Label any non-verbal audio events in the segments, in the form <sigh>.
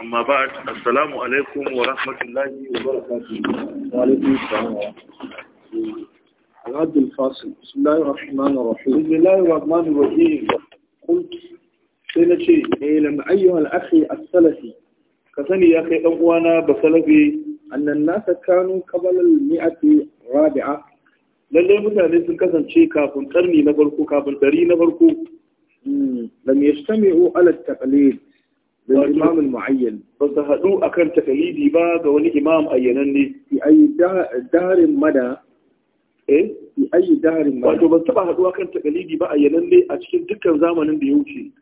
amma ba a assalamu alaikum wa rahmatullahi wa barakatuhu alaikum salam al-abdul fasil bismillahi rahmani rahim bismillahi rahmani rahim qult sai ce eh lam ayyuha al-akhi as ya kai dan uwana ba salafi annan nasa kanu qabala al-mi'ati rabi'a lallai mutane sun kasance kafin karni na farko kafin dari na farko hmm. lam yastami'u ala taqlid da imam al-mu'ayyan ba su haɗu akan taqlidi ba ga wani imam ne fi ayi darin mada eh fi ayi darin mada wato ba su taɓa haɗu akan taqlidi ba ne a cikin dukkan zamanin da ya wuce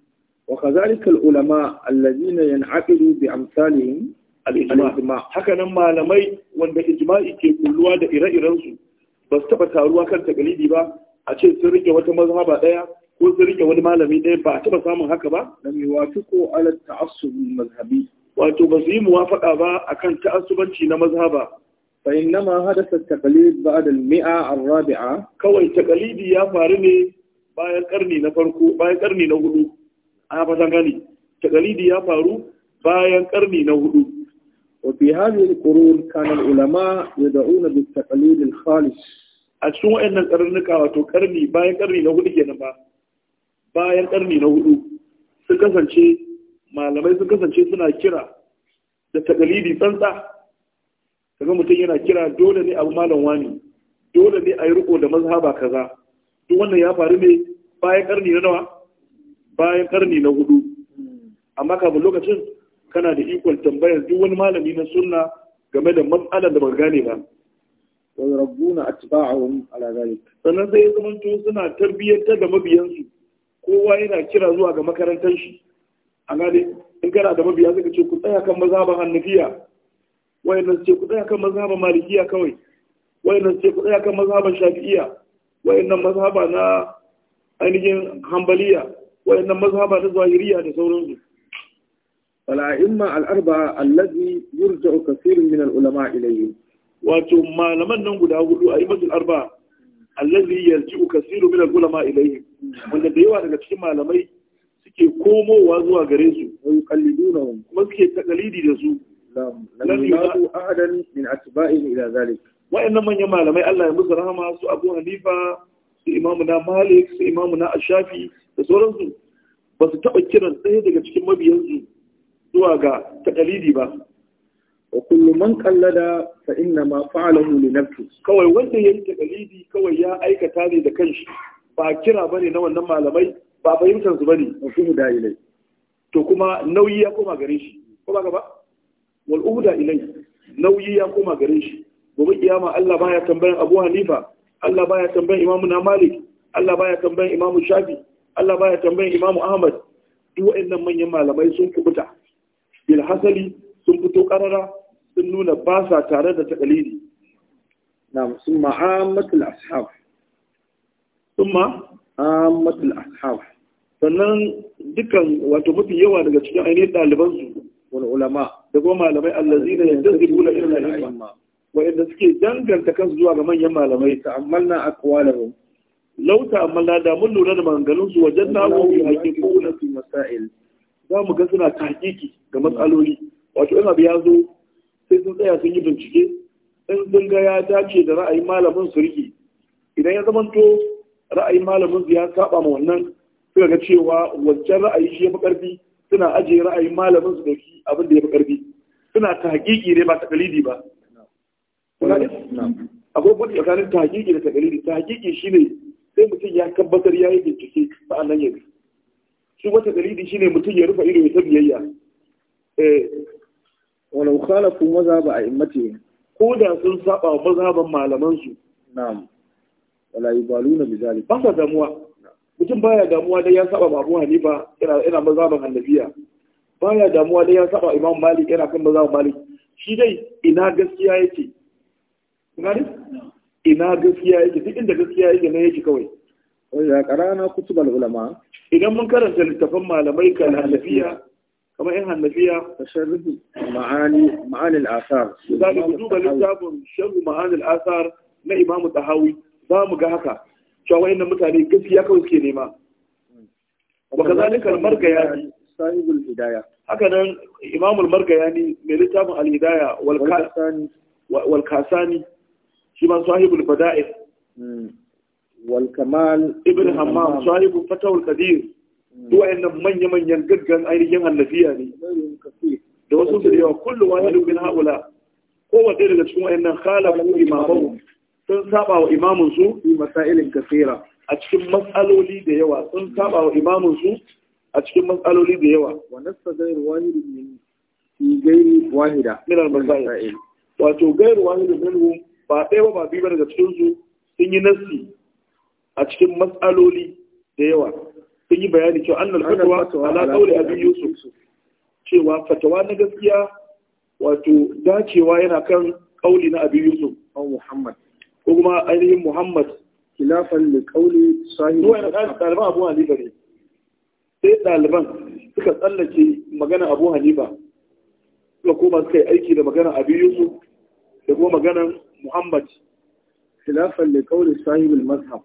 wa kazalika al-ulama alladhina yan'aqidu bi amsalihim Hakanan haka nan malamai wanda ijma'i ke kulluwa da ire irensu ba su taba taruwa kan takalidi ba a ce sun rike wata mazhaba daya ko sun rike wani malami daya ba a taba samun haka ba wafi ko ala ta'assub mazhabi wato ba su yi muwafaɗa ba akan ta'assubanci na mazhaba فإنما حدث التقليد ba? المئة الرابعة كوي تقليدي يا فارني bayan karni na بايا قرني نهدو أنا بسان قالي ya faru bayan karni na hudu وفي هذه القرون كان العلماء يدعون بالتقليد الخالص a cikin waɗannan ƙarnuka wato ƙarni bayan ƙarni na hudu kenan ba bayan ƙarni na hudu sun kasance malamai sun kasance suna kira da takalidi kaga mutum yana kira dole ne abu malam wani dole ne a yi riko da mazhaba kaza duk wannan ya faru ne bayan ƙarni na nawa bayan ƙarni na hudu amma kafin lokacin kana da ikon tambayar duk wani malami na sunna game da matsalar da ba gane ba wa rabbuna atba'ahum ala zalik sannan sai zaman to suna tarbiyyantar da mabiyansu kowa yana kira zuwa ga makarantar shi a gane in kana da mabiya suka ce ku tsaya kan mazhaban hannafiya wayannan su ce ku tsaya kan mazhaban malikiya kawai wayannan su ce ku tsaya kan mazhaban shafi'iya wayannan mazhaba na ainihin hambaliya wayannan mazhaba na zahiriya da sauransu والأئمة الأربعة الذي يرجع كثير من العلماء إليه wato malaman nan guda hudu a imatul arba allazi yarji'u kasiru min al-ulama ilayhi wanda daga cikin malamai suke komowa zuwa gare su wa yuqallidunahum kuma suke takalidi da su lam yadu ahadan min atba'ihi ila zalik wa'annan manyan malamai Allah ya musu rahama su Abu Hanifa su Imam na Malik su Ashafi da sauransu ba su taba kiran ɗaya daga cikin mabiyansu zuwa ga takalidi ba wa kullum man da fa inna ma fa'alahu li nafsi kawai wanda ya yi takalidi kawai ya aikata ne da kanshi ba kira bane na wannan malamai ba fahimtar su bane wa kullu da to kuma nauyi ya koma gare shi ko ba ba wal uhda ilai nauyi ya koma gare shi gobe kiyama Allah baya tambayan Abu Hanifa Allah baya tambayan Imam na Malik Allah baya tambayan Imam Shafi Allah baya tambayan Imam Ahmad duk waɗannan manyan malamai sun kubuta bilhassali sun fito karara sun nuna ba sa tare da takalili na sun ma'amatul ashab sun ma'amatul ashab sannan dukkan wato mafi yawa daga cikin ainihin ɗalibansu wani ulama da kuma malamai allazi da yanzu zai kula irin al'imma wa'inda suke danganta kansu zuwa ga manyan malamai Ta ta'ammalna aqwalahum lauta ta'ammalna da mun lura da maganganunsu wajen na bi haqiquna fi masail za mu ga suna tahqiqi ga matsaloli wato ina abu ya zo sai sun tsaya sun yi bincike in sun ga ya dace da ra'ayin malamin su idan ya zamanto ra'ayin malamin su ya saba ma wannan suka ga cewa wancan ra'ayi shi ya fi karfi suna ajiye ra'ayin malamin su dauki abin da ya fi karfi suna tahqiqi ne ba takalidi ba akwai wani tsakanin tahqiqi da takalidi tahqiqi shine sai mutum ya tabbatar ya yi bincike sa'annan ya bi shi wata dalili shine mutum ya rufe ido ya biyayya eh wala khalafu mazhab a'immati ko da sun saba mazhaban malaman su na'am wala yubaluna bizalik ba sa damuwa mutum baya damuwa dai ya saba babu Hanifa yana ina mazhaban annabiya baya damuwa dai ya saba Imam Malik yana kan mazhab Malik shi dai ina gaskiya yake gani ina gaskiya yake duk inda gaskiya yake ne yake kawai ya karana kutubal ulama idan mun karanta littafin malamai kan hanafiya kamar yin hannafiya da sharhi ma'anil asar za mu duba littafin sharhu ma'anil asar na imamu tahawi za mu ga haka cewa wayannan mutane gaskiya kawai suke nema wa kazalika al-margayani sahibul hidaya haka nan imamul margaya ne, mai littafin al-hidaya wal kasani shi ma sahibul fada'il hmm. والكمال ابن حمام صاحب فتح القدير هو ان من يمن ينقرقن ايرين النبي ne. da wasu ده da yawa kullu wahid min haula ko wanda daga cikin wayannan khalafu imamahu sun saba wa imamun su fi masailin kaseera a cikin matsaloli da yawa sun saba wa imamun su a cikin matsaloli da yawa wa nasta gair wahid min fi gairi wahida min al masail wato gair wahid minhu ba ɗaya ba biyu daga cikin su sun yi nasi a cikin matsaloli da yawa sun yi bayani cewa annal fatwa ala qawli abin yusuf cewa fatawa na gaskiya wato dacewa yana kan kauli na abin yusuf an muhammad ko kuma ainihin muhammad khilafan da qawli sahibi ko ɗaliban abu hanifa ne sai ɗaliban suka tsallake magana abu hanifa suka koma suka yi aiki da magana abin yusuf da kuma maganan muhammad khilafan da qawli sahibul mazhab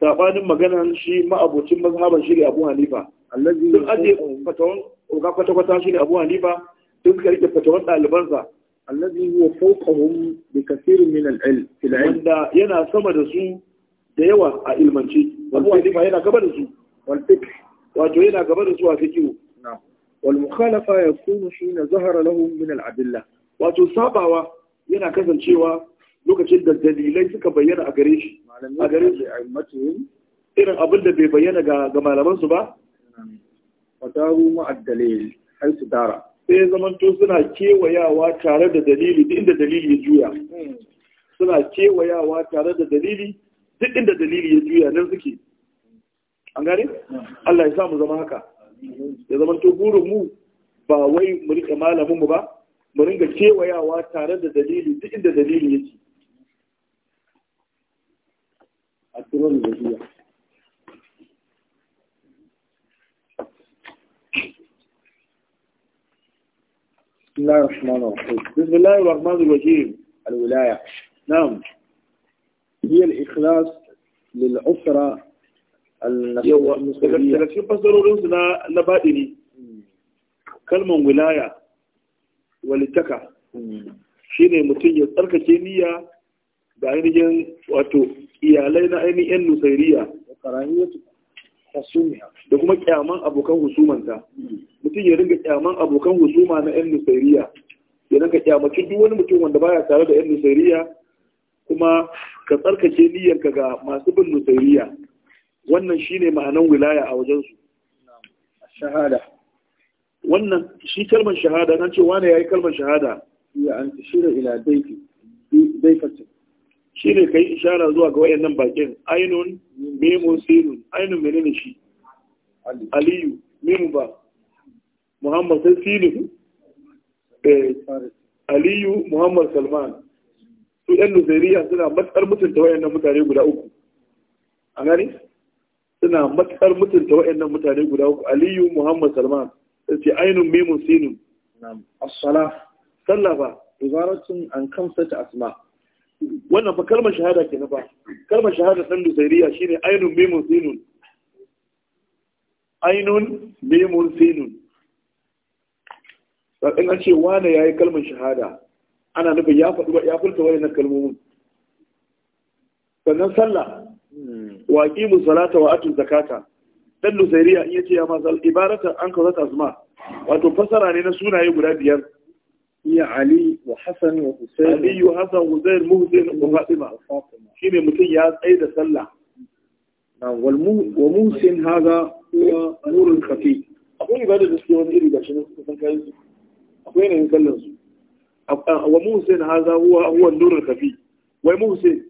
sabanin maganan shi ma'abocin mazhaban shi ne abu hanifa sun aje fatawan oga kwata-kwata shi ne abu hanifa sun suka rike fatawan ɗalibansa allazi huwa fawqahum bi kathirin min al-ilm fil ilm wanda yana sama da su da yawa a ilmance abu hanifa yana gaba da su wal fiqh wato yana gaba da su a fiqh na'am wal mukhalafa yakunu shi na zahara lahum min al-adilla wato sabawa yana kasancewa lokacin da dalilai suka bayyana a gare shi a gare shi irin abin da bai bayyana ga malaman su ba fadaru ma'addalil har su dara sai to suna kewayawa tare da dalili duk inda dalili ya juya suna kewayawa tare da dalili duk inda dalili ya juya nan suke an gare Allah ya sa mu zama haka ya to burin mu ba wai mu rika malamin mu ba mu ringa kewayawa tare da dalili duk inda dalili yake بسم الله الرحمن الرحيم بسم الله الرحمن الرحيم الولاية نعم هي الإخلاص للأسرة المصرية لكن فسروا لنا لبائني كلمة ولاية walittaka shi ne mutum ya da ainihin wato iyalai na ainihin yan nusairiya da kuma kyaman abokan husumanta mutum ya ringa kyaman abokan husuma na yan nusairiya ya ringa kyamaci duk wani mutum wanda baya tare da yan nusairiya kuma ka tsarkake niyyarka ga masu bin nusairiya wannan shine ma'anan wilaya a wajensu shahada wannan shi kalmar shahada nan ce ya yi kalmar shahada ya an tashira ila daifin daifin shi ne ka yi ishara zuwa ga nan bakin ainun memu sirun ainun menene shi aliyu memu ba muhammad sai sirun eh, aliyu muhammad salman su yan nuzairiya suna matsar mutunta nan mutane guda uku a gani suna matsar mutunta nan mutane guda uku aliyu muhammad salman sai ce ainun memon sirun Asala. Sallaba. sallah sun an kamsa ta asma' wannan fa kalmar shahada ke na ba kalmar shahada ɗan nusairiya shine ainun memon sinun ainun memon sinun sakan an ce wane yi kalmar shahada ana nufin ya faɗi ya wani na kalmomin sannan sallah waƙi aqimu salata wa atun zakata ɗan nusairiya in yace ya ma sal ibaratan an kaza zuma wato fasara ne na sunaye guda biyar iya Ali wa Hassan wa Hussein Ali wa Hassan Hussein Muhsin wa Fatima shine mutun ya tsaye da sallah na wal wa Muhsin haga huwa nurul akwai ibada da suke wani iri gashi ne suka san kai akwai ne kallon su wa Muhsin haga huwa huwa nurul khafi wai Muhsin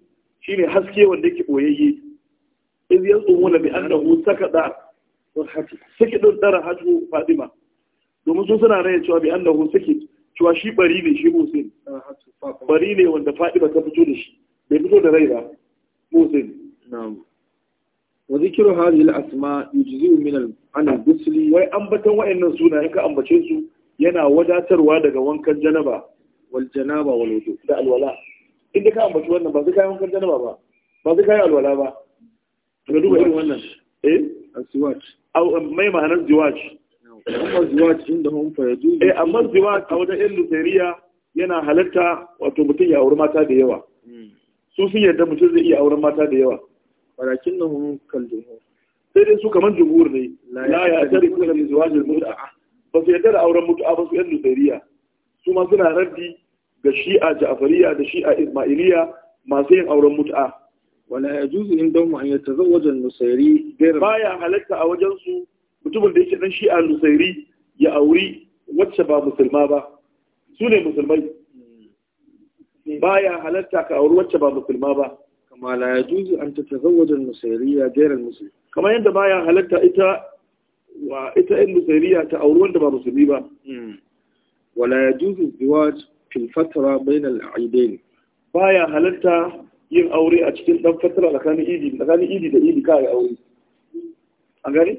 shine haske wanda yake boyayye iz yazumuna bi annahu sakada sakadun tara hajju Fatima domin su suna rayar cewa bi annahu sakada cewa shi bari ne shi musin bari ne wanda ba ta fito da shi bai fito da rai ba musin wa zikiru hadhihi al-asma yujzi'u min al-an al-ghusl wai ambaton wa'annan sunayen ka ambace su yana wadatarwa daga wankan janaba wal janaba wal wudu da alwala inda ka ambaci wannan ba sai kai wankan janaba ba ba sai kai alwala ba ka duba irin wannan eh aswat au mai ma'anar jiwaj amma ziwaj inda hun fayadu eh amma ziwaj a wajen yan lusairiya yana halatta wato mutum ya auri mata da yawa hmm. su sun yarda mutum zai iya auren mata da yawa walakin na hun kallon sai dai su kamar jumhur ne la ya tare kuma da ziwajin muta'a ba su yarda da auren mutu'a ba su yan lusairiya su ma suna raddi ga shi'a ja'fariya da shi'a ismailiya masu yin auren mutu'a wala yajuzu indahum an yatazawwaja an-nusairi ghayra baya halatta a wajen su mutumin da yake dan shi'a nusairi ya auri wacce ba musulma ba su ne musulmai Ba ya halatta ka auri wacce ba musulma ba kama la juzi an tatazawwaja ya jeren musulmi Kama yadda ba ya halatta ita wa ita ɗin nusairiya ta auri wanda ba musulmi ba ya hmm. yajuzu ziwaj fil fatra bayna al Ba ya halatta yin aure a cikin dan fatara tsakanin idi tsakanin idi da idi yi aure an gani?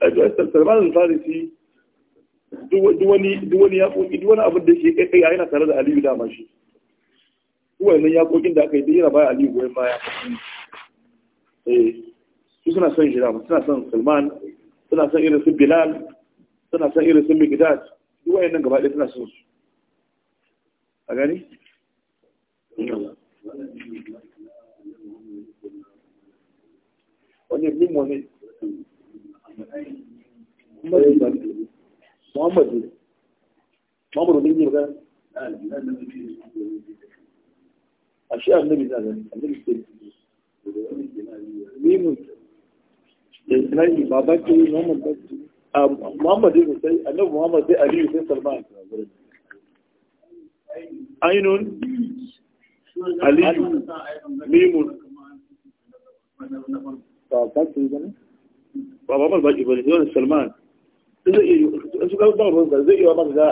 salman al-farisi duk wani yaƙoƙi duk wani abin da ke kai kai yana tare da aliyu da dama shi ya yaƙoƙin da aka yi yana baya aliyu goyon baya eh su suna son shi dama suna son salman suna son irin su bilal suna son irin su migdad duk wayannan gaba ɗaya suna son su a gani wani bin wani محمد دي عمر بن جير ده أشياء النبي ده النبي مين الإسلامي بابك محمد بس آه، محمد بن سعيد النبي محمد ده علي بن سلمان عين علي ميم بابا عمر باجي بن سلمان إذا إيه؟ shi kan ba ruwan zai iya maka ga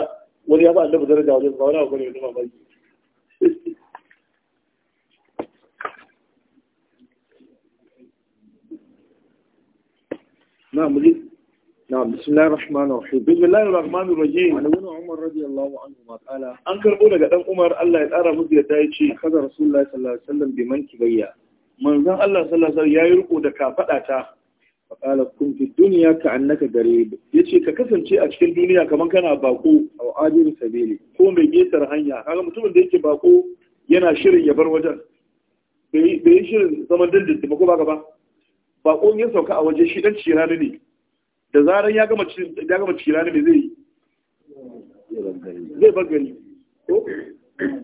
wani ya ba annabi da wajen wani da mamaki نعم نعم بسم الله الرحمن الرحيم بسم الله الرحمن الرحيم عن ابن عمر رضي الله عنهما قال ان daga dan Umar Allah ya tsara musu yadda ce, kaza rasulullahi sallallahu alaihi wasallam bi man kibayya manzon Allah Sallar Sallar ya yi riko da kafada ta faƙala kun fi duniya ka annaka gare ya ce ka kasance a cikin duniya kamar kana bako a ajiyar sabili ko mai getar hanya kaga mutumin da yake bako yana shirin ya bar wajen bai yi shirin zaman dindindin ko baka ba bako ya sauka a waje shi dan cirani ne da zaran ya gama ya gama cirani ne zai zai bagari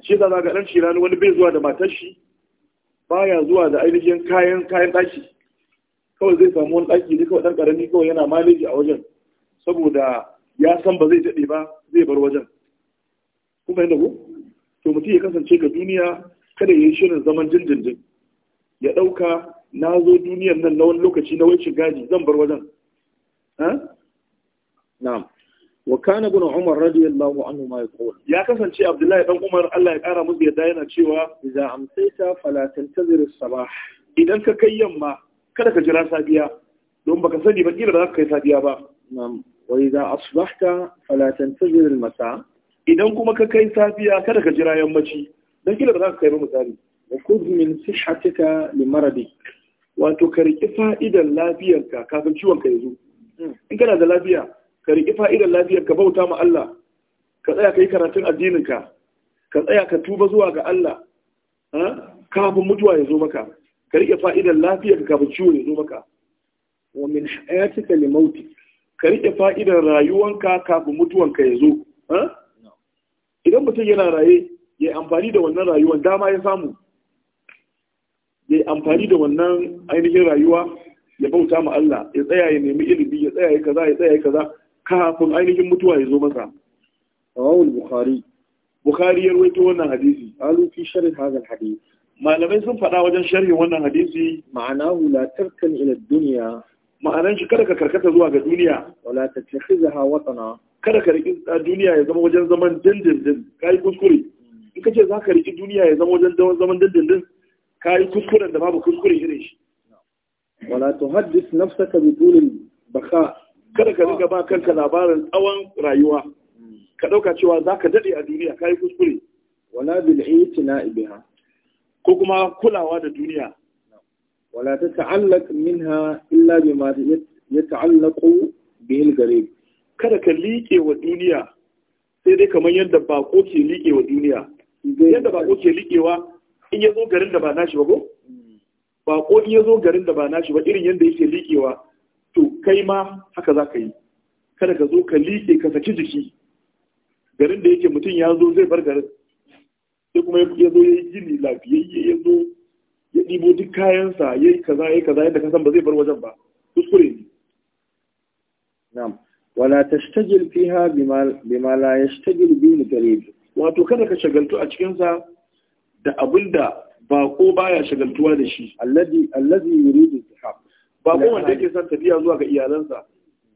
shi da zaga dan cirani wani bai zuwa da matar shi baya zuwa da ainihin kayan kayan kawai zai samu wani ɗaki ne kawai ɗan ƙarami kawai yana maleji a wajen saboda ya san ba zai daɗe ba zai bar wajen kuma yadda ku to mutum ya kasance ga duniya kada ya yi shirin zaman jinjinjin ya ɗauka na zo duniyan nan na wani lokaci na wancin gaji zan bar wajen na'am wa kana ibn umar radiyallahu anhu ma yaqul ya kasance abdullahi dan umar Allah ya kara musu yadda yana cewa idan amsaita fala tantazir as-sabah idan ka kai yamma kada ka jira safiya don baka sani ba kila da za ka kai safiya ba wa idza asbahta fala tantazir al masa idan kuma ka kai safiya kada ka jira yammaci dan kila da za ka kai ba misali wa khudh min sihhatika li maradik wato ka riƙi fa'idan lafiyarka kafin ciwon ka yazo hmm. in kana da lafiya ka riƙi fa'idan lafiyarka bauta ma Allah ka tsaya ka yi karatun addininka ka tsaya ka tuba zuwa ga Allah ah, kafin mutuwa ya zo maka ka riƙe fa'idar lafiyar kafin ciwo ya zo maka wa min hayatika li mauti ka riƙe fa'idar rayuwanka kafin mutuwanka ya zo idan mutum yana raye ya amfani da wannan rayuwan dama ya samu ya amfani da wannan ainihin rayuwa ya bauta ma Allah ya tsaya ya nemi ilimi ya tsaya ya kaza ya tsaya ya kaza kafin ainihin mutuwa ya zo masa rawul bukhari bukhari ya rawaito wannan hadisi alu fi sharh hadha hadith malamai sun faɗa wajen sharhi wannan hadisi Ma'ana la tarkan ila dunya ma'anan shi kada ka karkata zuwa ga duniya wala tattakhizaha watana kada ka riki duniya ya zama wajen zaman dindindin kai kuskure in kace za ka riki duniya ya zama wajen zaman dindindin kai kuskuren da babu kuskure irin shi wala tuhaddith nafsaka bi tulil baka kada ka riga ba kanka labarin tsawon rayuwa hmm. ka dauka cewa za ka dade a duniya kai kuskure wala bil itina biha ko kuma kulawa da duniya wala ta ta'allaq minha illa bima ya bihi al gharib kada ka liƙe wa duniya sai dai kamar yadda ko ke liƙe wa duniya yadda ko ke liƙewa in ya zo garin da ba nashi ba ko mm. bako in yazo garin da ba nashi ba irin yadda yake liƙewa to kai ma haka za ka yi kada ka zo ka liƙe ka saki jiki garin da yake mutum ya zo zai bar garin sai kuma ya zo ya yi gini lafiyayye ya zo ya ɗibo duk kayansa ya yi kaza ya yi kaza yadda kasan ba zai bar wajen ba kuskure ne na'am wala tashtagil fiha bima la yashtagil ni qarib wato kada ka shagaltu a cikin sa da abinda ko baya shagaltuwa da shi alladhi alladhi yuridu ba ko wanda yake son tafiya zuwa ga iyalansa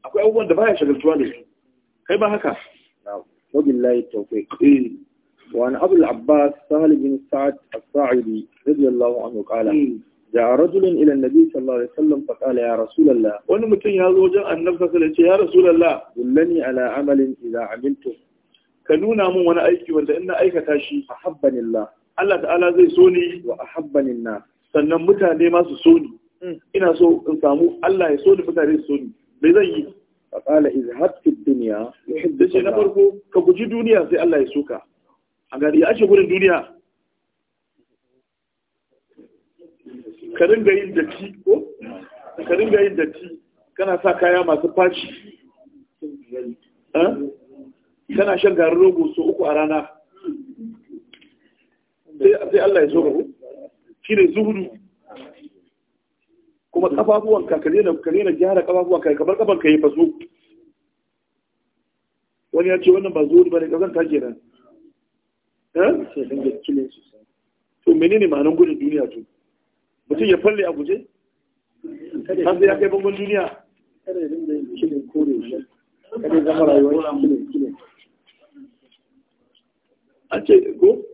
akwai abubuwan da baya shagaltuwa da su kai ba haka na'am wabillahi tawfiq eh وعن أبو العباس سهل بن سعد الصاعدي رضي الله عنه قال جاء رجل إلى النبي صلى الله عليه وسلم فقال يا رسول الله وأن متن يازو جاء النبي صلى الله عليه وسلم يا رسول الله دلني على عمل إذا عملته كنونا من وانا أيكي وانا إن أيك تاشي أحبني الله الله تعالى زي سوني وأحبني الناس sannan mutane masu soni ina so in samu Allah ya soni mutane su soni bai zan yi فقال اذهب في الدنيا يحبك الله na farko ka guji duniya sai Allah ya soka a gari ya ce gudun duniya ka gayin yin datti ko ka gayin yin datti kana sa kaya masu faci eh? kana shan garin rogo so uku a rana sai Allah ya so shi ne zuhudu kuma kafafuwan ka ka na gyara kafafuwan ka kamar kafan ka yi faso wani ya ce wannan ba zuhudu ba ne kazan ta kenan Eh? sai to menene ma'anin gudun duniya to mutum ya falle a guje har sai ya kai bangon duniya an ce ko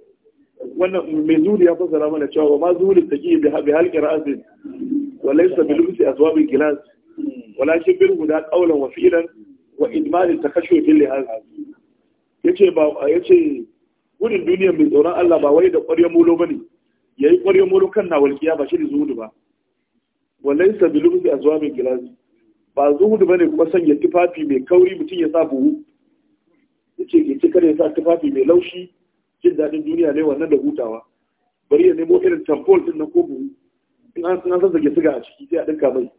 wannan mai zuri ya fassara mana cewa ma zuri ta ki bi halƙi ra'asin walai sabi lubsi a zuwa bin gilas wala shi bin guda ƙaunar wa filan wa idmanin ta kashe bin lihaz ya ce ba ya ce gudun duniya mai tsoron Allah ba wai da ƙwarya molo ba ne ya yi ƙwarya molo kan na walƙiya ba shi ne zuhudu ba wallai sa bi a zuwa mai gilazi ba zuhudu ba ne kuma sanya tufafi mai kauri mutum ya sa buhu ya ce ke kada ya sa tufafi mai laushi jin daɗin duniya ne wannan da hutawa bari ya nemo irin tamfol ɗin na ko buhu in an san zage siga a ciki sai a ɗinka mai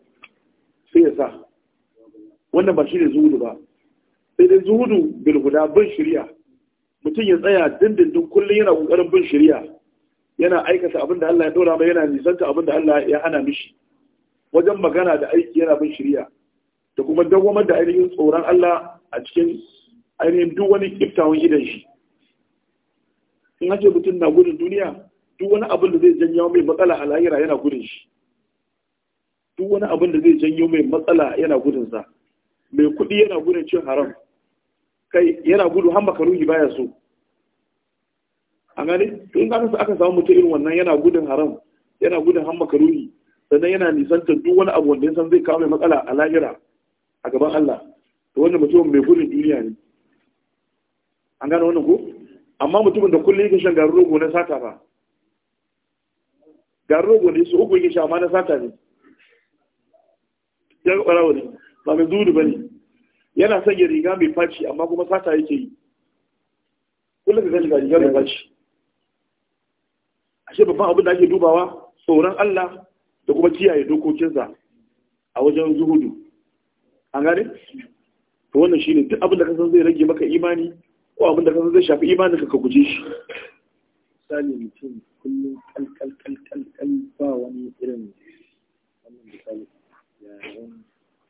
sai ya sa wannan ba shi ne zuhudu ba sai dai zuhudu bil guda bin shirya mutum ya tsaya dindindin kullum yana kokarin bin shari'a yana aikata abin da Allah ya dora mai yana nisanta abin da Allah ya hana mishi wajen magana da aiki yana bin shari'a da kuma dawwamar da ainihin tsoron Allah a cikin ainihin duk wani kiftawan idan shi in hace mutum na gudun duniya duk wani abin da zai janyo mai matsala a lahira yana gudun shi duk wani abin da zai janyo mai matsala yana gudun sa mai kuɗi yana gudun cin haram kai yana gudu ka ruhi baya so a gane to in aka aka samu mutum irin wannan yana gudun haram yana gudun ka ruhi sannan yana nisantar duk wani abu wanda ya san zai kawo mai matsala a lahira a gaban Allah to wannan mutumin mai gudun duniya ne an gane wannan ko amma mutumin da kullum yake shan garin rogo na sata ba garin rogo ne su uku yake sha amma na sata ne ya ga ɓarawo ne ba mai zuru ba ne yana sanya riga mai faci amma kuma sata yake yi kullum ka zai riga mai faci ashe babban abin da ake dubawa tsoron Allah da kuma kiyaye dokokinsa a wajen zuhudu an gane to wannan shine duk abin da ka san zai rage maka imani ko abin da ka san zai shafi imani ka guje shi misali mutum kullum kalkal kalkal ba wani irin wannan misali ya yi.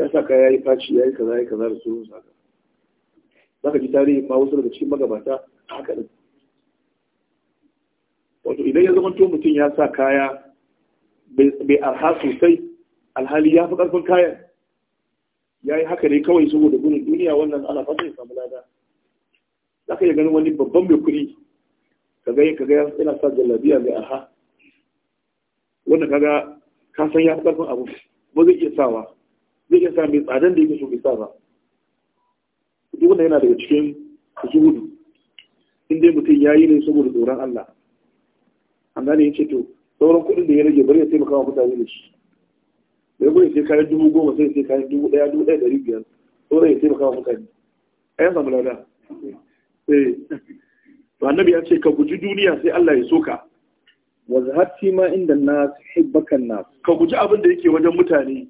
ya sa kaya yi faci ya yi kaza ya kaza da su saka za ka ji tarihi ma wasu daga cikin magabata a haka da wato idan ya zama to mutum ya sa kaya bai arha sosai alhali ya fi ƙarfin kayan ya yi haka ne kawai saboda gudun duniya wannan ana fasa ya samu lada za ka iya ganin wani babban mai kuɗi ka ga ka ga yana sa jallabiya mai arha wanda kaga ka san ya fi ƙarfin abu ba zai iya sawa zai iya sa mai tsadan da yake so bai sa ba duk wanda yana daga cikin zuhudu inda dai mutum ya yi ne saboda tsoron Allah amma ne ya ce to sauran kuɗin da ya rage bari ya taimaka wa mutane da shi da ya sai kayan dubu goma sai sai kayan dubu ɗaya dubu ɗaya ɗari biyar sauran ya taimaka wa mutane a yan samu lada eh. to annabi ya ce ka guji duniya sai Allah ya soka wa zahabti ma inda nas hibbakan nas ka guji abin da yake wajen mutane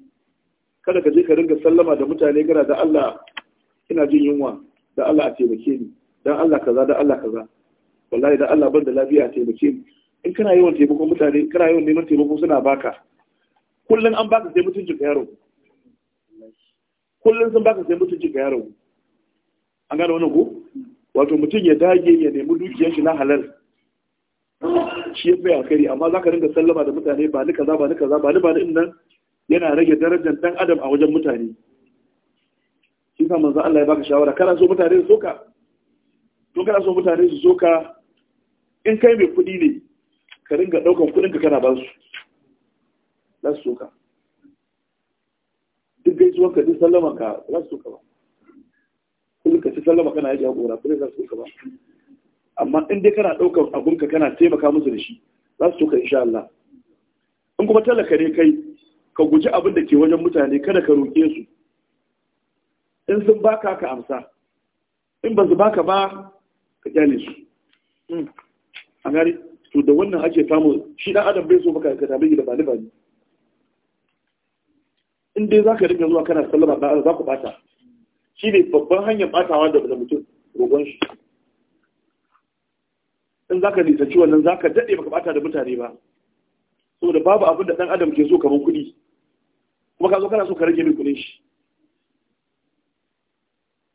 kada ka je ka ringa sallama da mutane gara da Allah ina jin yunwa da Allah a taimake ni dan Allah kaza da Allah kaza wallahi da Allah ban da lafiya a taimake ni in kana yawan taimakon mutane kana yawan neman taimako suna baka kullun an baka sai mutunci ka yaro kullun sun baka sai mutunci ka yaro an gane wannan ko wato mutum ya dage ya nemi dukiyar shi na halal shi ya fi alkhairi amma zaka ringa sallama da mutane ba ni kaza ba ni kaza ba ni ba ni nan yana rage darajar dan adam a wajen mutane shi sa manzo Allah ya baka shawara kana so mutane su soka to kana so mutane su soka in kai mai kuɗi ne ka ringa kudin kuɗinka kana ba su za su soka duk zuwa ka duk sallama ka za su soka ba kullum ka ci sallama kana yaji hakura kullum za su soka ba amma in dai kana abun ka kana taimaka musu da shi za su soka insha Allah in kuma talaka ne kai ka guji abin da ke wajen mutane kada ka roƙe su in sun baka ka amsa in ba su baka ba ka kyale su hmm. a gari to da wannan ake samu shi dan adam bai so baka ka tabi da bani bani in dai zaka dinga zuwa kana sallama da za ku bata shi ne babban hanyar batawa da mutum roƙon shi in zaka nan, za zaka dade baka bata da mutane ba saboda babu abin da dan adam ke so kamar kuɗi kuma ka zo kana so ka rage min kuɗin shi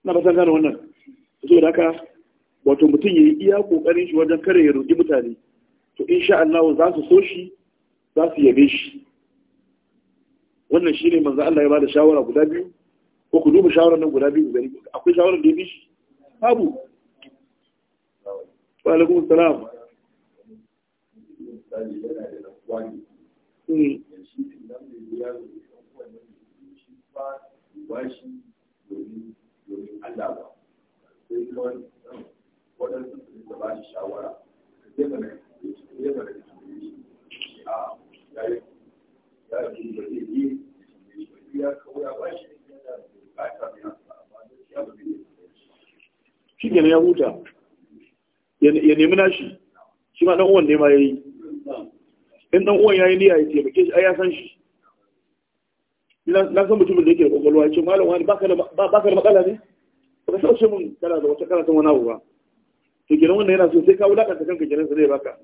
na ba gane wannan so da haka wato mutum ya yi iya kokarin shi wajen kare ya roƙi mutane to in sha Allah za su so shi za su yabe shi wannan shi ne manzo Allah ya bada shawara guda biyu ko ku duba shawaran nan guda biyu gari akwai shawaran da ya bi shi babu wa alaikum salam Mm. Washi domin domin Allah ba sai kawai waɗansu su da ba shi shawara ka je ka nake ka je ka nake shi a yayin ya yi ba zai yi ya kawo ya ba shi ne da bukata ne amma da shi abu ne shi ne ya huta ya nemi nashi shi ma dan uwan ne ma yayi in ɗan uwan yayi niyya ya taimake shi ai ya san shi na san mutumin da yake da kwakwalwa ya ce malam wani baka da matsala ne ba ka sauce mun kana da wata kana san wani abu ba to kenan wannan yana so sai ka wulakanta kanka kenan zai baka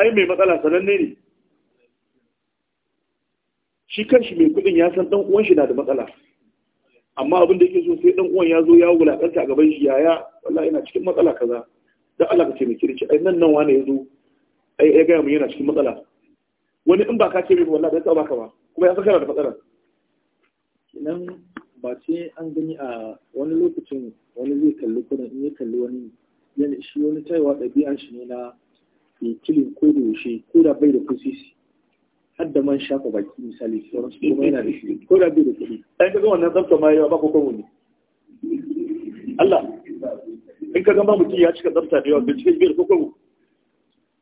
ai mai matsala sananne ne shi kanshi mai kudin ya san dan uwan shi na da matsala amma abin da yake so sai dan uwan ya zo ya wulakanta a gaban shi yaya wallahi ina cikin matsala kaza dan Allah ka ce mai kirci ai nan nan wani ya zo ai ya ga mu yana cikin matsala wani in ba ka ce mai wallahi bai tsaba ka ba kuma ya san kana da matsalar kenan ba sai an gani a wani lokacin wani zai kalli kuɗin in ya kalli wani yana shi wani taiwa ɗabi'an shi ne na ya kilin ko da yaushe ko da bai da kusisi har da man shafa baki misali sauran su kuma yana da shi ko da bai da kuɗi ai ka ga wannan tsafta ma yawa ba ko kan Allah in ka ga ma mutum ya cika tsafta da yawa bai cika biyar ko kan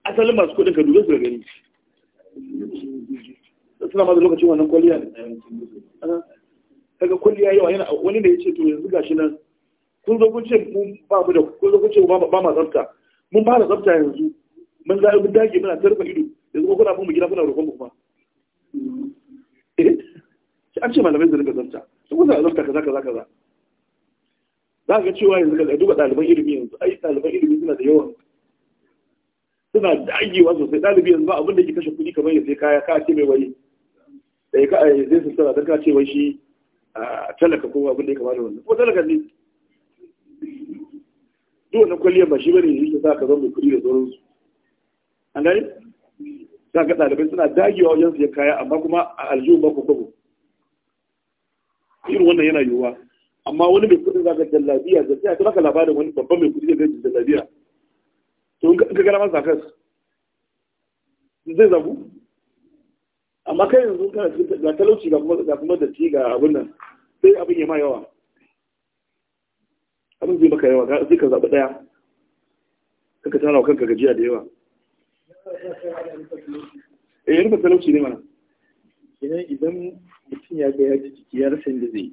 asalin masu kuɗin ka dube su da gani suna ma da lokacin wannan kwalliya ne kaga kwalliya yawa yana wani da ce to yanzu gashi nan kun zo kun ce mun ba mu da kun zo kun ce ba ma tsafta mun da tsafta yanzu mun za mun dage muna tarfa ido yanzu ko kuna mu gida kuna roƙon mu kuma eh an ce malamai zai rika tsafta su kusa tsafta kaza kaza kaza za ga cewa yanzu ga duka ɗaliban ilimi yanzu ai ɗaliban ilimi suna da yawan suna dagewa sosai ɗalibi yanzu ba abin da ke kashe kuɗi kamar ya sai kaya ka ce mai wani da ya ka'a zai su sara ka ce wai shi a talaka ko abin da ya kamata wannan ko talaka ne duk wannan kwalliyar ba shi bane ne yake sa ka zama mai kuɗi da sauransu an gani za ka ɗalibai suna dagewa wajen siyan kaya amma kuma a aljihun ba ku kwabo irin wannan yana yiwuwa amma wani mai kuɗin za ka jallabiya da sai a baka labarin wani babban mai kuɗi da jallabiya to in ka gara masa kas zai zabu amma kai yanzu kana da talauci ga kuma ga kuma ci ga abin nan sai abin ya ma yawa abin zai maka yawa sai ka zaɓi ɗaya kanka tana wa kanka gajiya da yawa eh rufe talauci ne mana idan idan mutum ya ga ya ji jiki ya rasa inda zai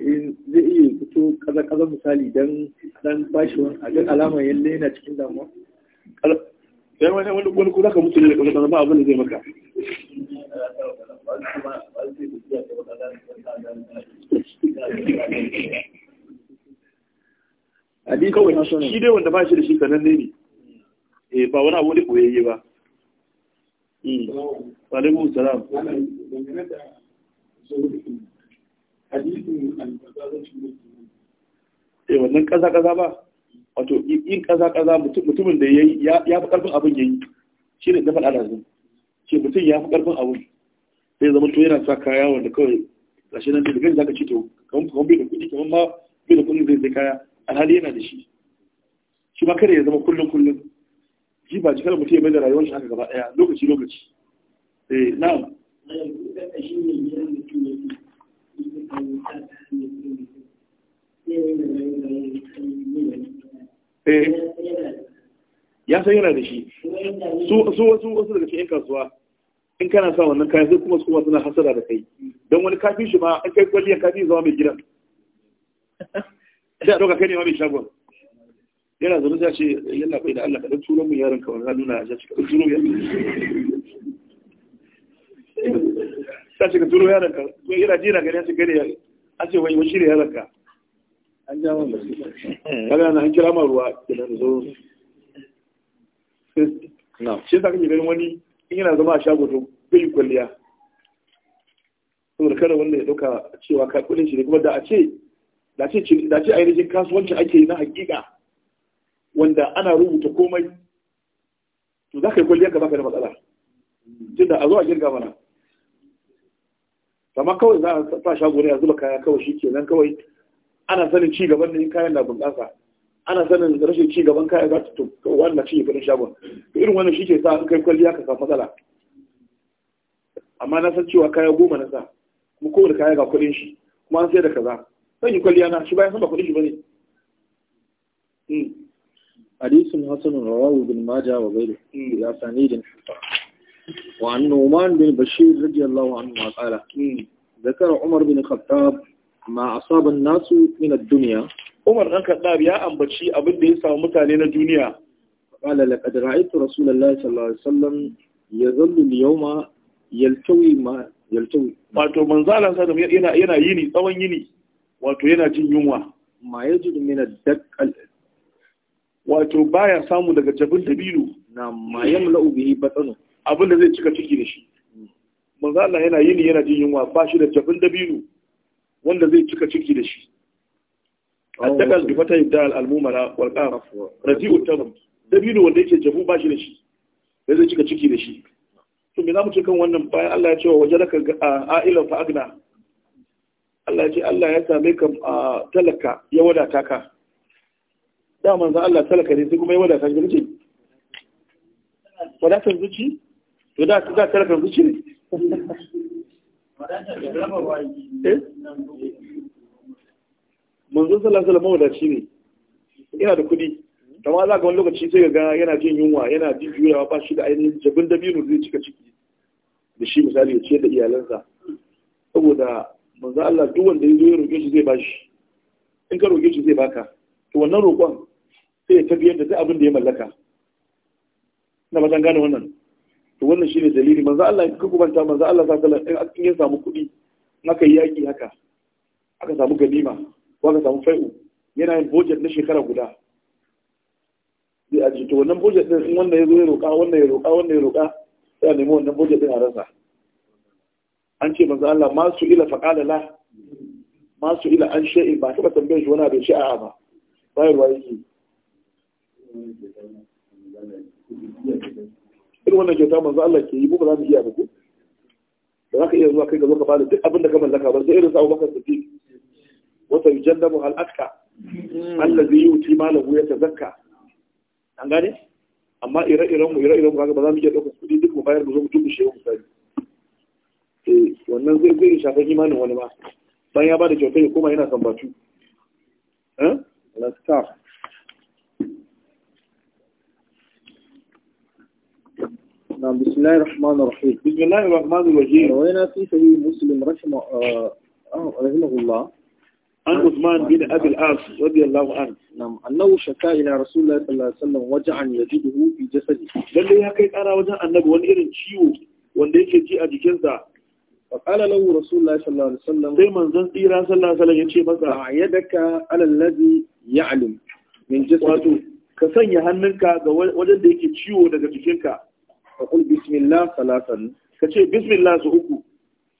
eh, zai iya fito kaza kaza misali dan dan bashi wani a duk alama yalle yana cikin damuwa sai eh, wani wani kuma ka mutu ne da kuma ba abin da zai maka Abi kawai shi dai wanda ba shi da shi kanan ne ne, eh, ba wani abu wani koyayye ba. Salamun hmm. salam. Eh wannan kaza-kaza ba, wato yin kaza-kaza mutumin da ya fi ƙarfin abin ya yi, shi ne na faɗa da ce mutum ya fi ƙarfin abin. sai zama to yana sa kaya wanda kawai gashi nan da gani zaka ci to kamar kamar bai da kuɗi kamar ma bai da kuɗin zai sai kaya alhali yana da shi shi ma kare ya zama kullum kullum ji ba jikar mutum ya mai da rayuwar shi haka gaba ɗaya lokaci lokaci eh na'am eh. ya san yana da shi su wasu wasu daga cikin kasuwa in kana sa wannan kayan sai kuma su kuma suna hasara da kai don wani kafin shi ma an kai kwalliyar kafin zama mai gidan sai a ɗauka kai ne ma mai shagon yana zaune za ce yana bai da Allah ɗan turo mu yaron kawai za nuna ya ce kaɗan turo <laughs> ya ta ce ka turo yaron ka to yana jina gani ya ce gani ya A ce wani shi ne yaron ka an ja wanda <laughs> kaga na an kira ma ruwa da na zo <laughs> na shi ta kake ganin wani in yana zama a shago to zai yi kwalliya saboda kada wannan ya dauka cewa ka kudin shi ne kuma da a ce da ce da ce ainihin kasuwanci ake yi na hakika wanda ana rubuta komai to za ka yi kwalliya ka baka da matsala da a zo a girga mana amma kawai za a sa shago ne a zuba kaya kawai shi ke nan kawai ana sanin ci gaban ne kayan na bunƙasa ana sanin rashin ci gaban kaya za ta to wannan ci gaban shagon irin wannan shi ke sa in kai kwalliya ka samu matsala amma na san cewa kaya goma na sa kuma kowane kaya ga kuɗin shi kuma an sayar da kaza zan yi kwalliya na shi bayan san ba kuɗin shi bane hmm. hadisin hasanun rawar bin maja wa gairu ya hmm. sanidin wa annuman bin bashir radiyallahu anhu ma ذكر عمر بن الخطاب ما أصاب الناس من الدنيا عمر بن الخطاب يا أنبتشي أبن دي ساو متانين الدنيا قال لقد رأيت رسول الله صلى الله عليه وسلم يظل اليوم yaltawi ma yaltawi wato manzo Allah sallallahu alaihi wasallam yana yini tsawon yini wato yana jin yunwa ma yajidu min ad-daqal wato baya samu daga jabin dabilu na ma yamla'u bihi batanu abin da zai cika ciki da shi mm. manzo Allah yana yini yana jin yunwa ba shi da jabin dabilu wanda zai cika ciki da shi ad-daqal bi fata dal al-almumara wal qaraf radi'u tabam mm. dabilu wanda yake jabu ba shi da shi zai cika ciki da shi to me za mu ce kan wannan bayan Allah ya ce wa waje da ka fa agna Allah ya ce Allah ya same ka talaka ya wadata ka da manzo Allah talaka ne sai kuma ya wadata ka ce wadatar zuci to da ta talaka zuci ne <laughs> eh? manzo sallallahu alaihi wasallam wadaci ne ina da kudi kama za ka wani lokaci sai ga yana jin yunwa yana jin jurawa ba shi da ainihin jabin dabino zai cika ciki da shi misali ya ce da iyalansa saboda manzo Allah duk wanda ya zo ya roƙe shi zai bashi in ka roƙe shi zai baka to wannan roƙon sai ya tafiyar da duk abin da ya mallaka ina ba gane wannan to wannan shine dalili manzo Allah in ka kubanta manzo Allah sallallahu alaihi wasallam in ya samu kuɗi in yi yaki haka aka samu ganima ko aka samu fai'u yana yin budget na shekara guda a ji to wannan budget din in ya zo ya roƙa wannan ya roƙa wannan ya roƙa sai a nemi wannan budget din a rasa an ce manzo Allah ma su ila faqala la ma su ila an shay'in ba taba tambayar shi wani shi a'a ba wa yake irin wannan kyauta manzo Allah ke yi ba za mu iya ba ko da za ka iya zuwa kai ga zo ka bada duk abin da ka mallaka ba sai irin sa Abubakar Siddiq wata yujannabu hal atka mm. allazi yuti ta zakka. an gane amma ire-iren mu ire-iren mu ba za mu iya ɗaukar kuɗi duk mu bayar mu zo mu shi misali eh wannan zai zai shafar imanin wani ma bayan ya bada kyautar ya koma yana sambatu eh let's start بسم الله الرحمن الرحيم بسم الله الرحمن الرحيم روينا في صحيح مسلم رحمه الله عن عثمان بن أبي العاص رضي الله عنه نعم أنه شكا إلى رسول الله صلى الله عليه وسلم وجعا يجده في جسده لن يحكي أنا وجع أنه وان إرن شيو وان ديك جي أجي كنزا فقال له رسول الله صلى الله عليه وسلم زي من زن إيرا صلى الله عليه وسلم يتشي بسا يدك على الذي يعلم من جسده كسن يهننك وجن ديك شيو دك جيكنك فقل بسم الله ثلاثا كتشي بسم الله سوكو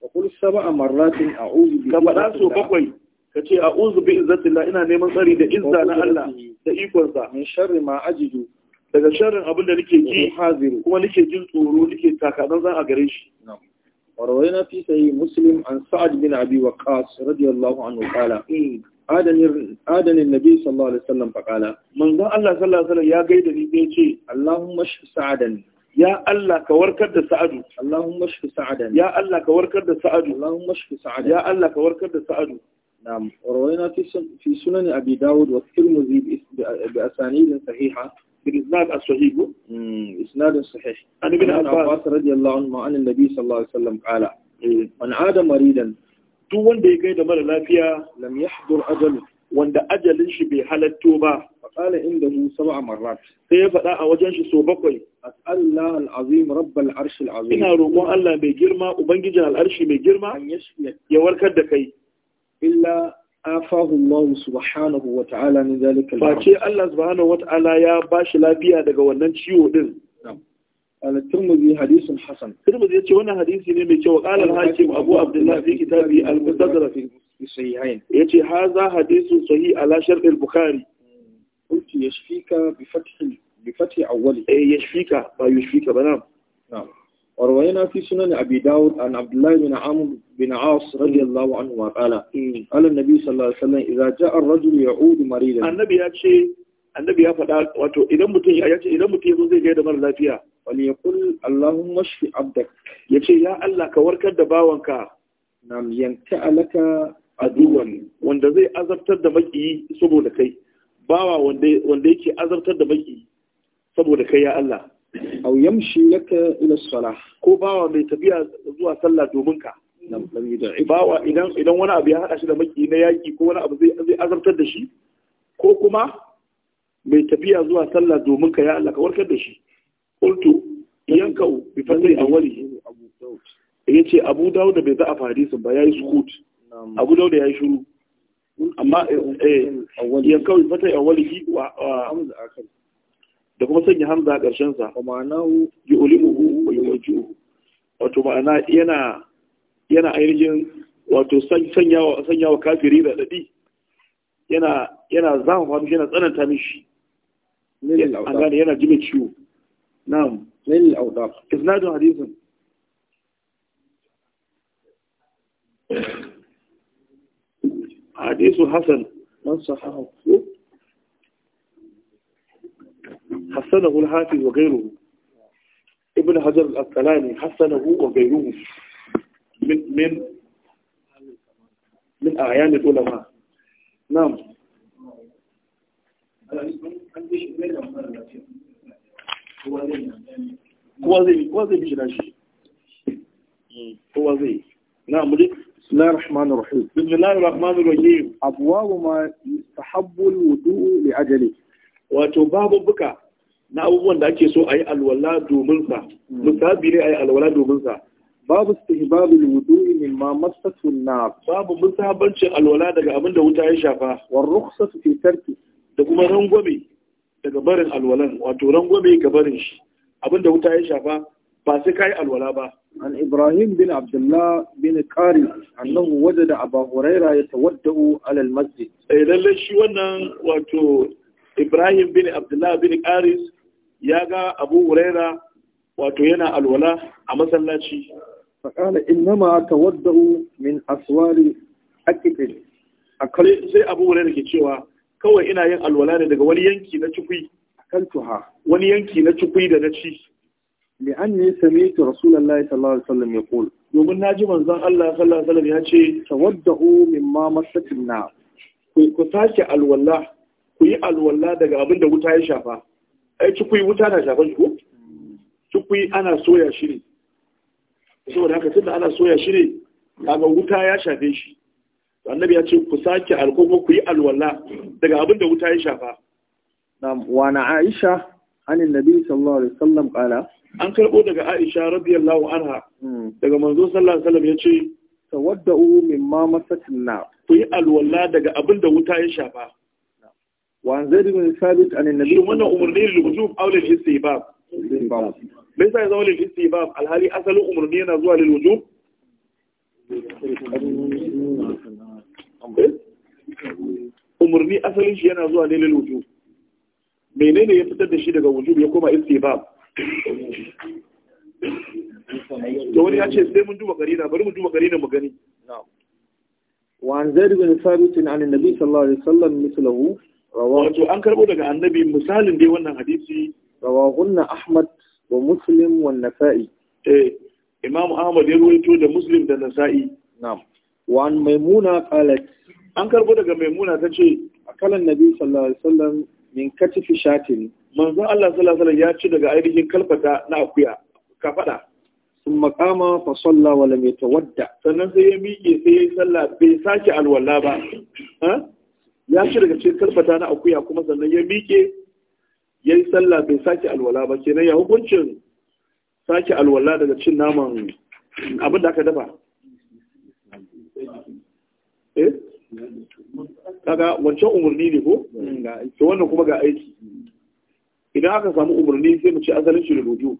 فقل سبع مرات أعوذ بك فقل سبع مرات ka ce a uzu bi izzatillah ina neman tsari da izza na Allah da ikonsa min sharri ma ajidu daga sharrin abin da nake ji haziru kuma nake jin tsoro nake takadan zan a gare shi warwayna fi sayyi muslim an sa'ad bin abi waqas radiyallahu anhu qala adan hmm. adan nabi alaihi wasallam fa qala manzo Allah sallallahu alaihi wasallam ya gaida ni bai ce allahumma shfi sa'adan ya Allah ka warkar da sa'adu allahumma shfi sa'adan ya Allah ka warkar da sa'adu allahumma shfi sa'adan ya Allah ka warkar da sa'adu نعم وروينا في في سنن أبي داود والترمذي بأسانيد صحيحة بالإسناد الصحيح إسناد صحيح عن ابن عباس رضي الله عنه عن النبي صلى الله عليه وسلم قال من عاد مريضا duk wanda ya da mara lafiya lam yahdur ajalu wanda ajalin shi bai halatto ba faqala indahu sab'a marrat sai ya faɗa a wajen shi so bakwai as'alullah al'azim rabbal arshil azim ina roƙon Allah mai girma ubangijin al'arshi mai girma ya warkar da kai illa afahu Allah subhanahu wa ta'ala min zalika face Allah subhanahu wa ta'ala ya bashi lafiya daga wannan ciwo din al-Tirmidhi hadisun hasan Tirmidhi yace wannan hadisi ne mai kyau qala al-Hakim Abu Abdullah fi kitabi al-Mustadrak fi sahihain yace hadha hadisun sahih ala shart al-Bukhari qulti yashfika bi fath bi fath awwali eh yashfika ba yashfika ba na'am وروينا في سنن أبي داود عن عبد الله بن عمرو بن عاص رضي الله عنه قال قال النبي صلى الله عليه وسلم إذا جاء الرجل يعود مريضا النبي يأتي النبي يفعل واتو إذا متي يأتي إذا متي يزوي غير مر لا فيها وليقول اللهم اشف عبدك يأتي يا الله كورك دباوانك نعم ينكأ لك عدوا wanda zai azabtar da maki saboda kai bawa wanda yake azabtar da maki saboda kai ya Allah aw yamshi laka ila salah ko bawa mai tafiya zuwa sallah domin ka bawa idan idan wani abu ya hada shi da maki na yaki ko wani abu zai azabtar da shi ko kuma mai tafiya zuwa sallah domin ka ya Allah ka warkar da shi qultu yankau bi fadli awwali yace Abu Dawud bai za a hadisin ba yayi sukut Abu Dawud yayi shiru amma eh yankau bi fadli awwali wa hamza akhir da kuma sanya hamza a ƙarshen sa amma na yi ulimuhu wa yuwaju wato ma'ana yana yana ainihin wato sanya wa kafiri da dadi yana yana zama mishi yana tsananta mishi an gane yana jima ciwo na'am lil awdaf isnadun hadithin hadisu hasan man sahahu حسنه الهاتي وغيره ابن حجر الأسلاني حسنه وغيره من من من أعيان العلماء نعم هو كوازي بجلاش كوازي نعم بسم الله الرحمن الرحيم بسم الله الرحمن الرحيم أبواب ما يستحب الوضوء لأجله وتباب بك na abubuwan da ake so a yi alwala domin sa musabi ne a yi alwala domin sa babu istihbabul wudu'i min ma massatu an Babu babu musabancin alwala daga abin da wuta ya shafa war rukhsatu fi tarki da kuma rangwame daga barin alwalan wato rangwame ga barin shi abin da wuta ya shafa ba sai ka yi alwala ba an ibrahim bin abdullah bin qari annahu wajada aba huraira ya ala al-masjid eh lalle shi wannan wato ibrahim bin abdullah bin Karis. ya ga abu huraira wato yana alwala a masallaci faƙala innama wadda'u min aswari akitin sai abu huraira ke cewa kawai ina yin alwala ne daga wani yanki na cikui tuha wani yanki na cikui da na ci لأني سمعت yi الله صلى الله عليه ya يقول domin na ji manzon Allah sallallahu alaihi wasallam ya ce tawaddahu mimma masakin na ku sake alwala ku yi alwala daga abin da wuta ya shafa ai eh, cikui wuta na shafan shi ko cikui ana soya shi ne saboda haka tunda ana soya shi ne kaga wuta ya shafe shi annabi ya ce ku sake alkoma ku yi alwala daga abin da wuta ya shafa na'am wa na aisha anin nabi sallallahu alaihi wasallam qala an karbo daga aisha radiyallahu anha hmm. daga manzo sallallahu alaihi wasallam yace tawadda'u mimma masat ku yi alwala daga abin da wuta ya shafa وعن زيد بن ثابت عن النبي وانا امرني للوجوب او للاستيباب ليس يزول للاستيباب الهالي اصل امرني نزوى للوجوب umarni asalin shi yana zuwa ne lil wujub menene ya fitar da shi daga wujub ya koma istibab to wani ya ce sai mun duba karina bari mu duba karina mu gani وعن زيد بن ثابت عن النبي صلى الله عليه وسلم مثله wato an karbo daga annabi misalin dai wannan hadisi rawahunna ahmad wa muslim wa nasa'i eh imam ahmad ya ruwaito da muslim da nasa'i na'am wa an maimuna qalat an karbo daga maimuna tace akalan nabi sallallahu alaihi wasallam min katifi shatin manzon Allah sallallahu alaihi wasallam ya ci daga ainihin kalfata na akuya ka fada sun makama fa salla wa lam yatawadda sannan sai ya miƙe sai ya salla bai sake alwala ba <clears throat> ya ci daga cikin karfata na akuya kuma sannan ya miƙe ya yi sallah bai sake alwala ba kenan ya hukuncin sake alwala daga cin naman abin da aka dafa eh kaga wancan umarni ne ko to wannan kuma ga aiki idan aka samu umarni sai mu ci asalin shi rubutu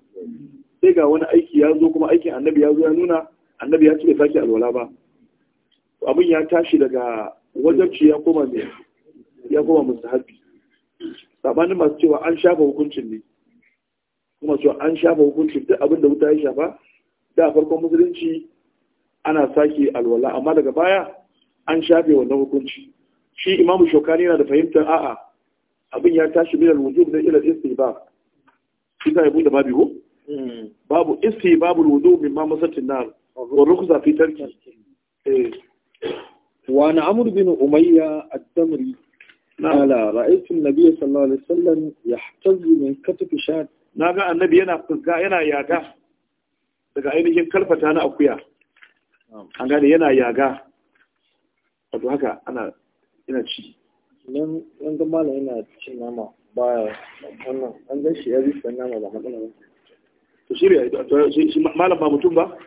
sai ga wani aiki ya zo kuma aikin annabi ya zo ya nuna annabi ya ce bai sake alwala ba abin ya tashi daga wajabci ya koma ne ya koma mustahabi sabanin masu cewa an shafa hukuncin ne kuma cewa an shafa hukuncin duk abinda wuta ya shafa da farkon musulunci ana sake alwala amma daga baya an shafe wannan hukunci shi imamu shokani yana da fahimtar a'a abin ya tashi min alwujub da ila ba. shi ta yabu da babu ko hmm. babu istihbabul wudu min ma masatin nar wa rukhsa fi tarki eh وعن عمرو بن أمية الدمري قال رأيت النبي Annabi الله عليه وسلم yana fuska yana yaga daga ainihin kalfata na akuya an gane yana yaga wato haka ana yana ci nan ga yana cin nama ba wannan shi ya rufe nama ba matsala ba shirya malam ba mutum ba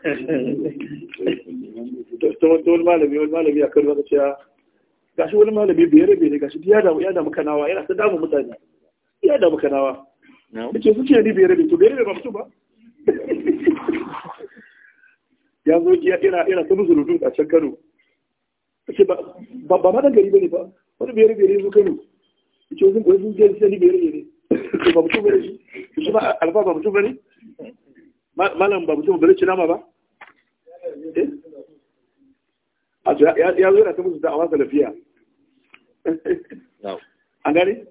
ta wani malami wani malami a kano ga gashi wani malami biyar bai ne gashi ya damu ya kanawa yana ta damu mutane ya damu kanawa ce su ce ni biyar bai to biyar ba mutum ba <laughs> ya zo yana yana ta musu a can kano ce ba ba madan gari bane ba wani biyar biyar zo kano ce sun koyi sun je ni biyar biyar <laughs> ba mutum bane shi ba alfa ba mutum bane malam ba mutum bari ci nama ba eh? a to ya zo yana ta musu da'awa salafiya an gane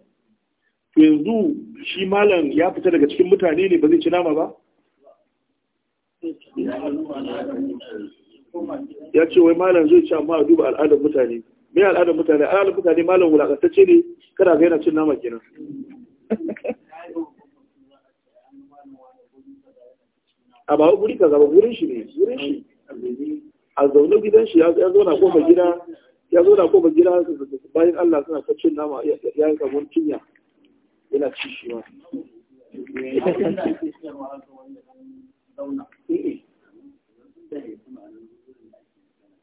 to yanzu shi malam ya fita daga cikin mutane ne ba zai ci nama ba ya ce wai malam zai ci amma a duba al'adar mutane me al'adar mutane al'adar mutane malam wulakantacce ne kada ga yana cin nama kenan a ba wuri kaza ba wurin shi ne wurin shi a zaune gidan shi ya zauna kofa gida ya zauna kofa gida bayan Allah suna ta cin nama ya yi kamar cinya yana ci shi ma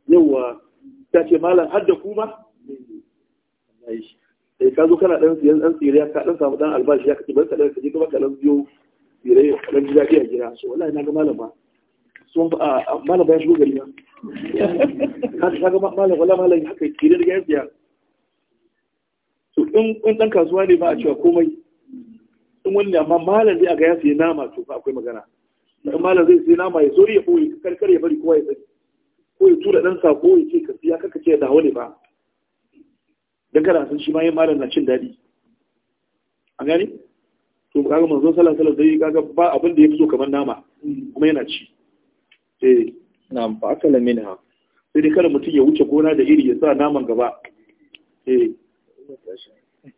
yawa ta ce malam har da kuma sai ka zo kana dan siyan dan tsiriya ka ɗan samu ɗan albashi ya kaci bari ka dan kuma ka baka dan biyo birai ran ji daɗi a gida so wallahi na ga malama sun a malama ya shigo gari na ka ga malam wala malam haka kire da gaskiya so in in dan kasuwa ne ba a cewa komai in wani amma malam zai a ga ya nama to fa akwai magana in malam zai sayi nama ya zo ya boye karkar ya bari kowa ya sani ko ya tura dan sako ya ce ka siya kaka ce da hawa ne ba dan kana san shi ma yin malam na cin daɗi a gani to kaga manzo sallallahu alaihi wasallam dai kaga ba abin da yake so kamar nama kuma yana ci eh na'am fa akala minha sai dai kada mutum ya wuce gona da iri ya sa naman gaba eh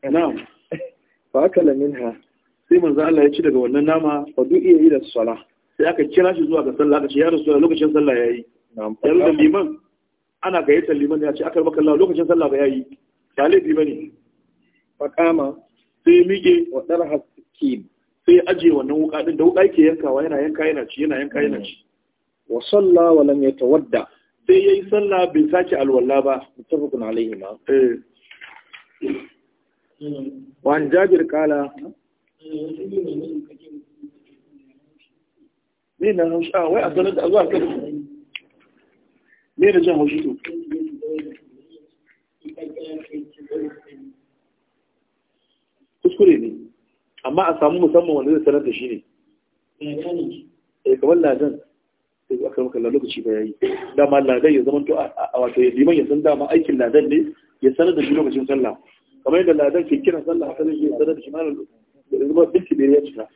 na'am fa akala minha sai manzo Allah ya ci daga wannan nama fa yi da sallah sai aka kira shi zuwa ga sallah aka ce ya rasu lokacin sallah yayi na'am fa liman ana gayyatar liman ya ce aka baka Allah lokacin sallah ba yayi ba laifi bane fa kama sai ya miƙe wa ɗar haske sai aje wannan wuka ɗin da wuka yake yankawa yana yanka yana ci yana yanka yana ci wa salla wa lam yatawadda sai yayi sallah bai sake alwala ba mutafakun alaihi ma eh wa jabir kala me na haushi a ah, wai a sanar da zuwa kan me da jan haushi to kuskure ne amma a samu musamman wanda zai sanar da shi ne eh kamar ladan sai eh, aka maka lokaci ba yayi dama ladan ya zama to a wato liman ya san dama aikin ladan ne ya sanar da shi lokacin sallah kamar yadda ladan ke kiran sallah haka zai sanar da shi malam da zama binti ne ya cika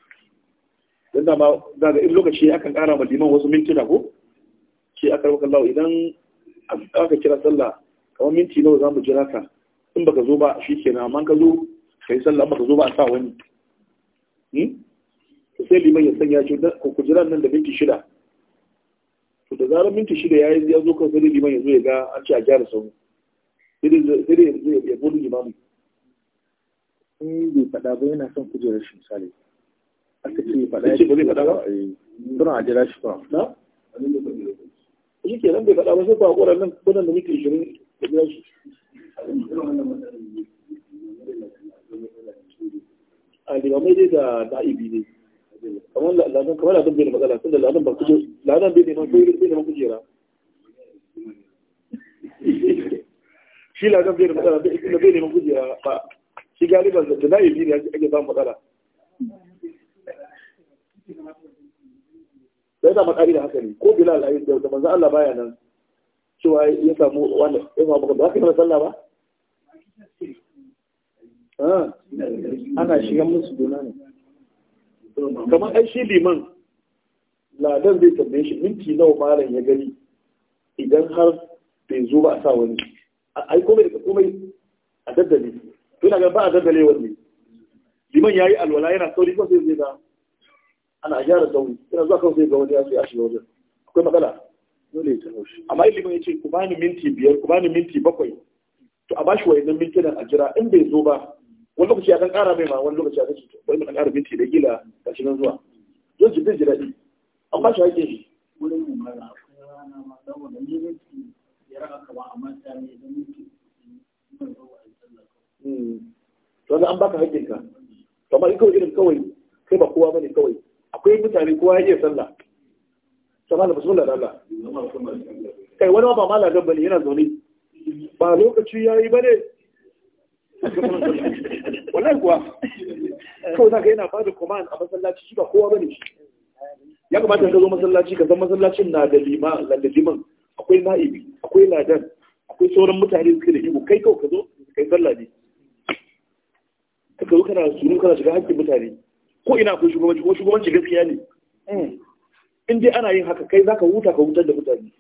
dan dama daga in lokaci kan kara ma liman wasu mintuna ko shi aka maka lawa idan aka kira sallah kamar minti nawa mu jira ka in baka zo ba shi shikenan amma ka zo kai sallah ka zo ba a sa wani hmm? to sai liman ya sanya shi ku jira nan da minti shida to da zarar minti shida ya yi ya zo kan sai liman ya zo ya ga an ce a gyara sauri sai dai ya zo ya bolu limamu in eh, bai faɗa ba yana son kujerar shi misali aka ce faɗa ya ce ba zai faɗa ba suna eh, a jira shi ba na shi ke nan bai faɗa ba sai ba a ƙoran nan kunan da muke shirin da jira shi a mai dai da na'ibi ne kamar ladan kamar ladan bai da matsala tun da ladan ba kujo ladan bai neman kujo kujera shi ladan bai da matsala da bai neman kujera ba shi galiban da na'ibi ne ake ba matsala sai da makari da haka ne ko bilal ayi da manzo Allah baya nan cewa ya samu wannan ya samu ba ka sallah ba Ah, ana shiga musu gona ne kamar ai shi liman ladan zai tambaye shi minti nawa malam ya gani idan har bai zo ba a sa wani ai komai da komai a daddale to ina ga ba a daddale wanne liman yayi alwala yana sauri ko sai zai ga ana gyara sauri yana zuwa kan sai ga wani ya sai a shiga wajen akwai magana dole ya taho amma ilimin ya ce ku bani minti biyar ku bani minti bakwai to a bashi wayannan mintunan a jira in bai zo ba wani lokaci ya kan kara mai ma wani lokaci ya kan cuta wani kan kara minti da gila ga shi zuwa don ji zai ji daɗi an ba shi haƙƙin shi wurin mu mara akwai rana ma hmm. an baka haƙƙin ka to amma kawai irin kawai kai ba kowa bane kawai akwai mutane kowa ya iya sallah to malam bismillah da Allah kai wani ba malam bane yana zaune ba lokaci ya yayi bane wannan kuwa kawai za ka yana ba da a masallaci shi ba kowa ba ne ya kamata ka zo masallaci ka san masallacin na da liman akwai na'ibi akwai ladan akwai sauran mutane suke da iko kai kawai ka zo kai sallah ne ka zo kana suru kana shiga hakkin mutane ko ina akwai shugabanci ko shugabanci gaskiya ne in dai ana yin haka kai za ka huta ka hutar da mutane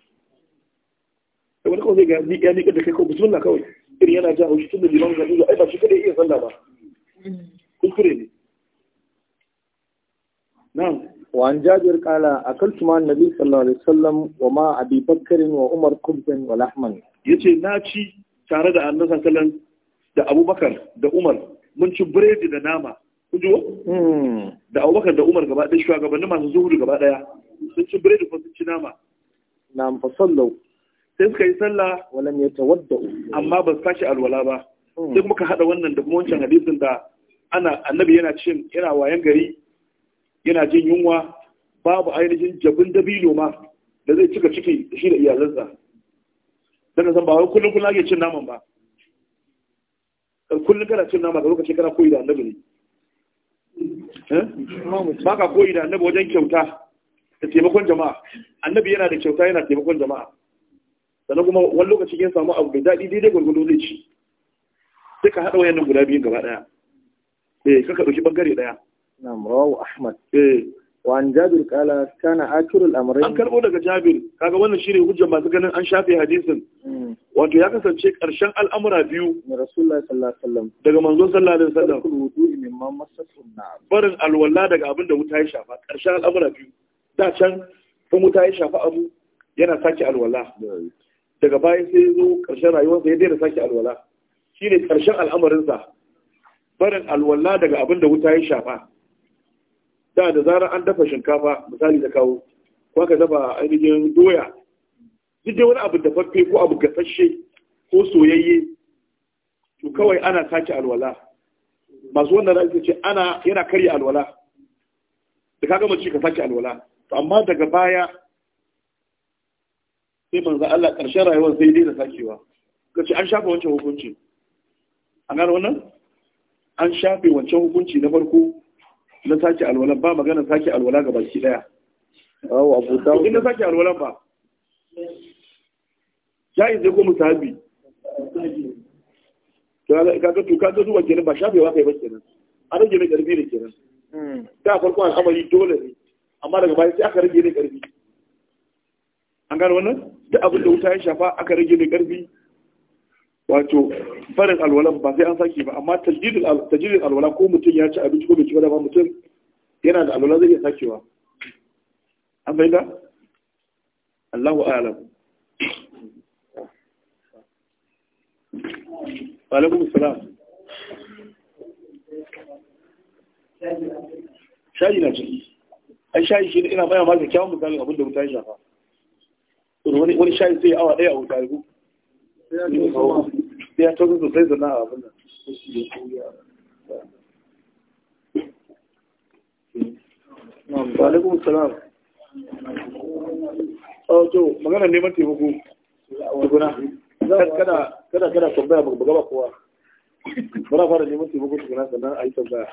da wani kawai zai ga ya miƙa da kai kawai bismillah kawai irin yana ja haushi tun da liman ga ai ba shi kada iya sallah ba kuskure ne na'am وعن جابر قال Nabi مع النبي صلى الله عليه وسلم وما أبي بكر وعمر خبزا ولحما يتي ناتشي tare da annabi sallallahu da Abubakar da Umar mun ci biredi da nama kujo hmm. da Abubakar da Umar gaba ɗaya shugabanni masu zuhudu gaba ɗaya sun ci biredi ko sun ci nama na'am fa sallu sai suka yi sallah walam yatawaddu amma ba su tashi alwala ba Hmm. sai kuma ka hada wannan da kuma wancan hadisin da ana annabi yana cin yana wayan gari yana jin yunwa babu ainihin jabin dabino ma da zai cika ciki da shi da iyalansa dan san ba wai kullun kullun ake cin naman ba kullun kana cin nama da lokaci kana koyi da annabi ne eh? ba ka koyi da annabi wajen kyauta da taimakon jama'a annabi yana da kyauta yana taimakon jama'a sannan kuma wani lokaci ya samu abu mai daɗi daidai gwargwado zai ci sai ka haɗa wayannan guda biyu gaba ɗaya eh ka ɗauki ɓangare ɗaya na'am rawu ahmad eh wa an jabir qala kana akhirul amrayn an karbo daga jabir kaga wannan shine hujjar masu ganin an shafe hadisin hmm. wato ya kasance karshen al'amura biyu na rasulullahi sallallahu alaihi wasallam daga manzo sallallahu alaihi wasallam wudu'i mimma masatu na. barin alwala daga abin da wuta ya shafa karshen al'amura biyu da can in wuta ya shafa abu yana sake alwala daga baya sai ya zo karshen rayuwarsa ya daina sake alwala Shi ne ƙarshen al'amarinsa barin alwala daga abin da wuta ya shafa da da zarar an dafa shinkafa misali da kawo ko aka dafa ainihin doya duk wani abu dafaffe ko abu gasashe ko soyayye to kawai ana sake alwala masu wannan ra'ayi ce ana yana karya alwala da kaga mace ka sake alwala to amma daga baya sai manzo Allah ƙarshen rayuwar sai dai da sakewa kace an shafa wancan hukunci an gano wannan an shafe wancan hukunci na farko na sake alwala ba magana sake alwala ga baki daya awo abu dawo sake alwala ba jayi zai ko musabi kaga to kaga zuwa kenan ba shafewa kai ba kenan an rage mai karfi ne kenan hmm. da farko yi dole ne amma daga baya sai aka rage mai karfi an gano wannan duk abin da wuta ya shafa aka rage mai karfi wato farin alwalan ba sai an sake ba amma tajirin alwala ko mutum ya ci abinci ko bai ci ba ba mutum yana da alwala zai iya sakewa an fahimta Allahu a'lam wa alaikum salam shayi na ciki ai shayi shi ina baya ma kyawun misalin abin da wuta shafa wani shayi sai awa ɗaya a wuta ya ya ta gudu sai zana a abin nan walaikun salam oh, to magana neman taimako tukuna kada kada kada tambaya ba gaba kowa bara fara neman taimako tukuna sannan a yi tambaya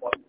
Thank you.